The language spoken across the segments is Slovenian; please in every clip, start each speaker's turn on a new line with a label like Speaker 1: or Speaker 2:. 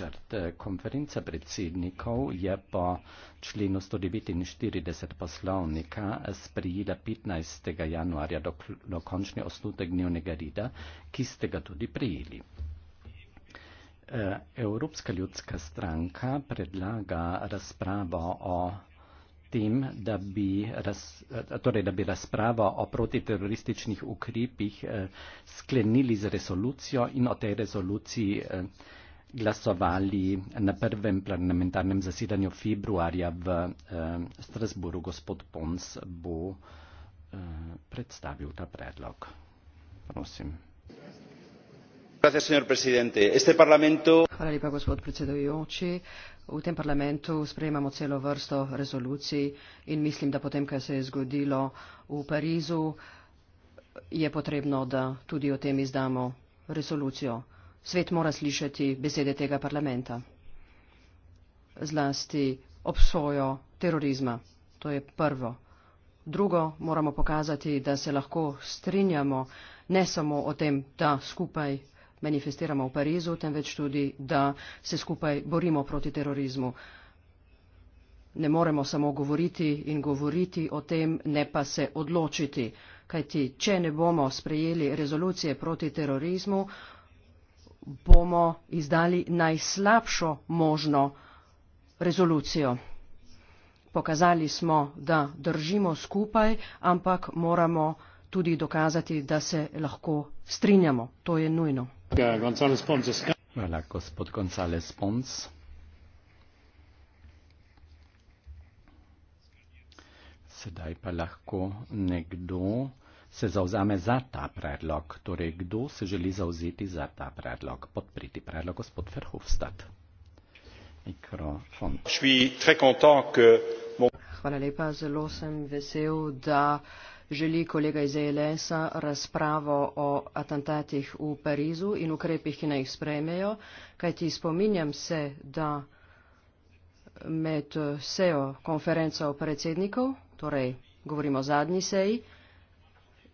Speaker 1: Eh, konference predsednikov je po členu 149 poslovnika sprijela 15. januarja dokončni do osnutek dnevnega rida, ki ste ga tudi prijeli. Eh, Evropska ljudska stranka predlaga razpravo o tem, da bi, raz, eh, torej, da bi razpravo o protiterorističnih ukrepih sklenili z resolucijo in o tej resoluciji glasovali na prvem parlamentarnem zasedanju februarja v eh, Strasburu. Gospod Pons bo eh, predstavil ta predlog. Prosim.
Speaker 2: Hvala lepa, gospod predsedujoči. V tem parlamentu sprejemamo celo vrsto rezolucij in mislim, da potem, kaj se je zgodilo v Parizu, je potrebno, da tudi o tem izdamo rezolucijo. Svet mora slišati besede tega parlamenta, zlasti obsojo terorizma. To je prvo. Drugo, moramo pokazati, da se lahko strinjamo ne samo o tem, da skupaj manifestiramo v Parizu, temveč tudi, da se skupaj borimo proti terorizmu. Ne moremo samo govoriti in govoriti o tem, ne pa se odločiti. Kajti, če ne bomo sprejeli rezolucije proti terorizmu, bomo izdali najslabšo možno rezolucijo. Pokazali smo, da držimo skupaj, ampak moramo tudi dokazati, da se lahko strinjamo. To je nujno.
Speaker 1: Hvala, gospod Gonzales Pons. Sedaj pa lahko nekdo se zauzame za ta predlog. Torej, kdo se želi zauzeti za ta predlog, podpriti predlog, gospod Ferhofstad. Mikrofon.
Speaker 2: Hvala lepa, zelo sem vesel, da želi kolega iz ELS-a razpravo o atentatih v Parizu in ukrepih, ki naj jih sprejmejo, kajti spominjam se, da med sejo konferenco predsednikov, torej govorimo o zadnji seji,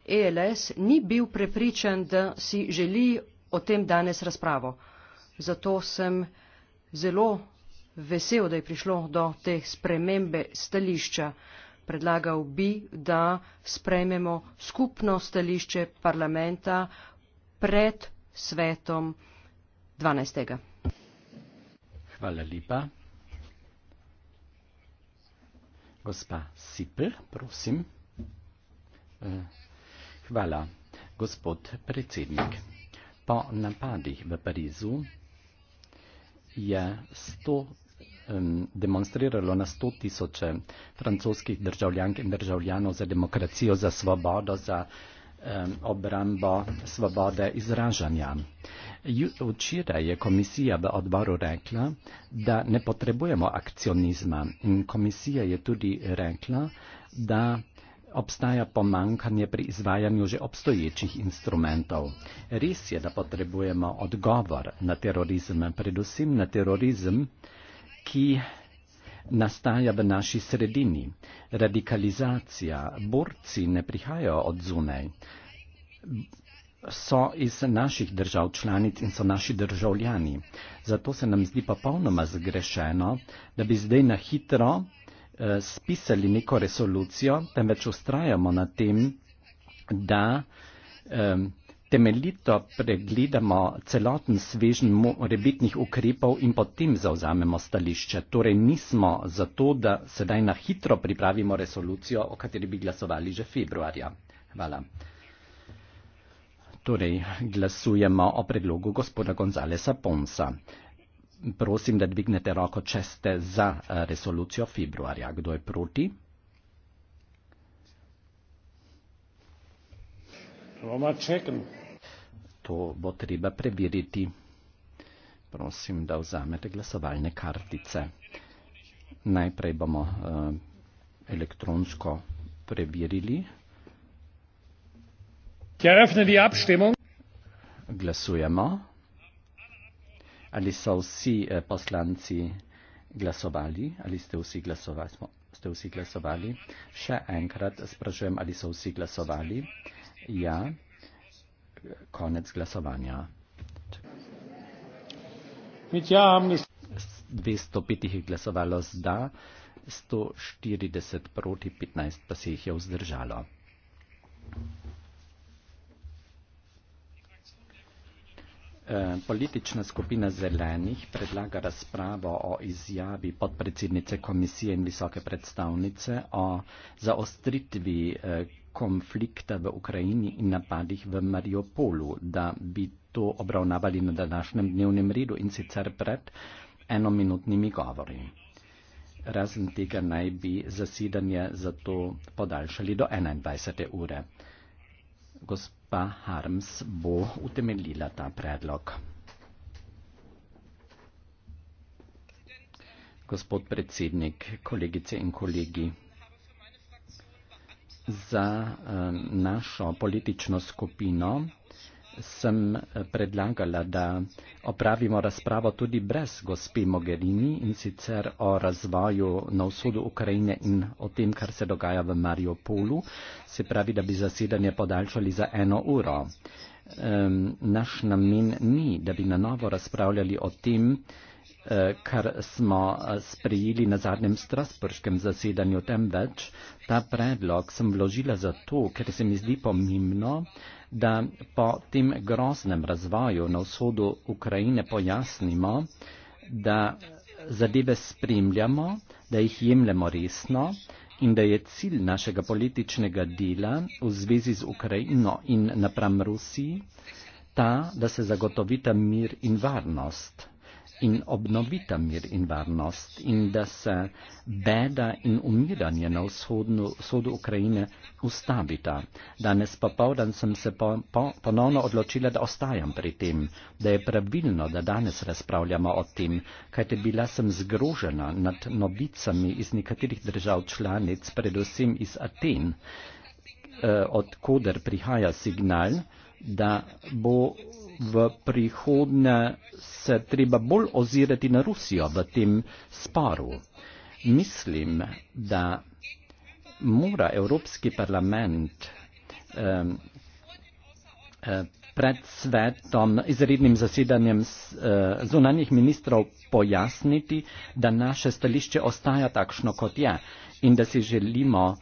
Speaker 2: ELS ni bil prepričan, da si želi o tem danes razpravo. Zato sem zelo vesel, da je prišlo do te spremembe stališča. Predlagal bi, da sprejmemo skupno stališče parlamenta pred svetom 12.
Speaker 1: Hvala lepa. Gospa Sipr, prosim. Eh, Hvala, gospod predsednik. Po napadih v Parizu je sto, um, demonstriralo na sto tisoče francoskih državljank in državljanov za demokracijo, za svobodo, za um, obrambo svobode izražanja. Včeraj je komisija v odboru rekla, da ne potrebujemo akcionizma in komisija je tudi rekla, da obstaja pomankanje pri izvajanju že obstoječih instrumentov. Res je, da potrebujemo odgovor na terorizem, predvsem na terorizem, ki nastaja v naši sredini. Radikalizacija, borci ne prihajajo od zunaj, so iz naših držav članic in so naši državljani. Zato se nam zdi popolnoma zgrešeno, da bi zdaj na hitro spisali neko resolucijo, temveč ustrajamo na tem, da um, temeljito pregledamo celoten svežen morebitnih ukrepov in potem zauzamemo stališče. Torej nismo za to, da sedaj na hitro pripravimo resolucijo, o kateri bi glasovali že februarja. Hvala. Torej glasujemo o predlogu gospoda Gonzalesa Ponsa. Uh, prosim, da dvignete roko, če ste za eh, resolucijo februarja. Kdo je proti? To bo treba preveriti. Prosim, da vzamete glasovalne kartice. Najprej bomo uh, elektronsko preverili. Glasujemo ali so vsi eh, poslanci glasovali, ali ste vsi glasovali, smo, ste vsi glasovali. Še enkrat sprašujem, ali so vsi glasovali. Ja, konec glasovanja. 205 jih je glasovalo z da, 140 proti 15 pa se jih je vzdržalo. Eh, politična skupina zelenih predlaga razpravo o izjavi podpredsednice komisije in visoke predstavnice o zaostritvi eh, konflikta v Ukrajini in napadih v Mariupolu, da bi to obravnavali na današnjem dnevnem redu in sicer pred enominutnimi govori. Razen tega naj bi zasedanje zato podaljšali do 21. ure. Gospod pa Harms bo utemeljila ta predlog. Gospod predsednik, kolegice in kolegi, za eh, našo politično skupino sem eh, predlagala, da opravimo razpravo tudi brez gospe Mogherini in sicer o razvoju na vzhodu Ukrajine in o tem, kar se dogaja v Mariupolu, se pravi, da bi zasedanje podaljšali za eno uro. Naš namen ni, da bi na novo razpravljali o tem, kar smo eh, sprejeli na zadnjem strasporskem zasedanju, temveč ta predlog sem vložila zato, ker se mi zdi pomembno, da po tem groznem razvoju na vzhodu Ukrajine pojasnimo, da zadeve spremljamo, da jih jemljemo resno in da je cilj našega političnega dela v zvezi z Ukrajino in napram Rusiji ta, da se zagotovita mir in varnost in obnovita mir in varnost in da se beda in umiranje na vzhodnu, vzhodu Ukrajine ustavita. Danes popovdan sem se po, po, ponovno odločila, da ostajam pri tem, da je pravilno, da danes razpravljamo o tem, kajte bila sem zgrožena nad novicami iz nekaterih držav članic, predvsem iz Aten, eh, odkuder prihaja signal, da bo v prihodnje se treba bolj ozirati na Rusijo v tem sporu. Mislim, da mora Evropski parlament pred svetom, izrednim zasedanjem e, zunanjih ministrov pojasniti, da naše stališče ostaja takšno, kot je in da si želimo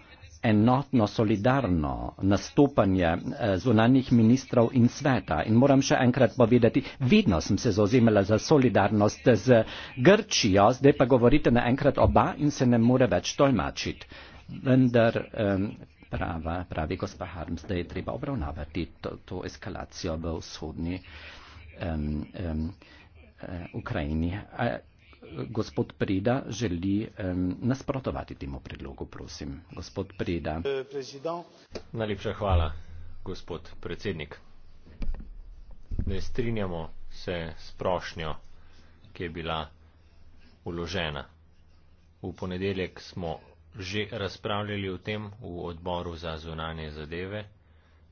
Speaker 1: enotno, solidarno nastopanje eh, zunanjih ministrov in sveta. In moram še enkrat povedati, vedno sem se zauzemala za solidarnost z Grčijo, zdaj pa govorite naenkrat oba in se ne more več tolmačiti. Vendar prava, pravi gospod Harms, da je treba obravnavati to, to eskalacijo v vzhodni um, um, Ukrajini. A, gospod Preda želi um, nasprotovati temu predlogu, prosim. Gospod Preda. Najlepša hvala, gospod predsednik. Ne strinjamo se s prošnjo, ki je bila uložena. V ponedeljek smo že razpravljali o tem v odboru za zunanje zadeve.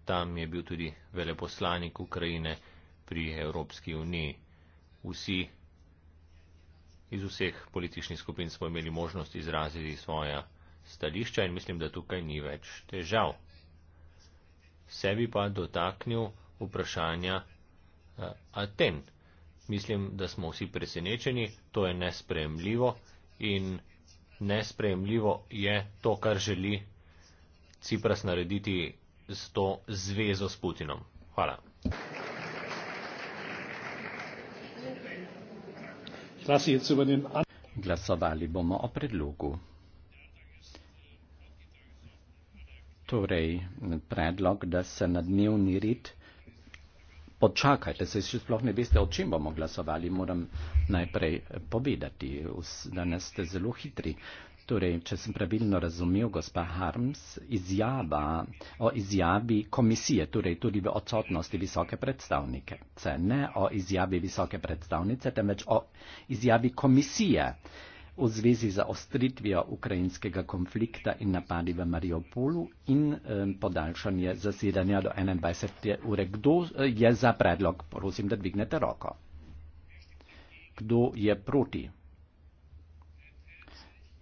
Speaker 1: Tam je bil tudi veleposlanik Ukrajine pri Evropski uniji. Vsi iz vseh političnih skupin smo imeli možnost izraziti svoja stališča in mislim, da tukaj ni več težav. Sebi pa dotaknil vprašanja uh, Aten. Mislim, da smo vsi presenečeni, to je nespremljivo in nespremljivo je to, kar želi Cipras narediti s to zvezo s Putinom. Hvala. Glasovali bomo o predlogu. Torej, predlog, da se na dnevni red počakajte, se še sploh ne veste, o čem bomo glasovali, moram najprej povedati. Danes ste zelo hitri. Torej, če sem pravilno razumel, gospa Harms, izjava o izjavi komisije, torej tudi v odsotnosti visoke predstavnike, se ne o izjavi visoke predstavnice, temveč o izjavi komisije v zvezi z ostritvijo ukrajinskega konflikta in napadi v Mariupolu in um, podaljšanje zasedanja do 21. ure. Kdo e, je za predlog? Prosim, da dvignete roko. Kdo je proti?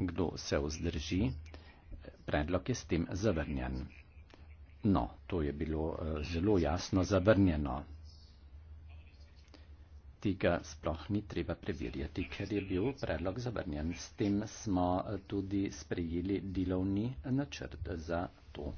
Speaker 1: kdo se vzdrži, predlog je s tem zavrnjen. No, to je bilo eh, zelo jasno zavrnjeno. Tega sploh ni treba preverjati, ker je bil predlog zavrnjen. S tem smo eh, tudi sprejeli delovni načrt za to.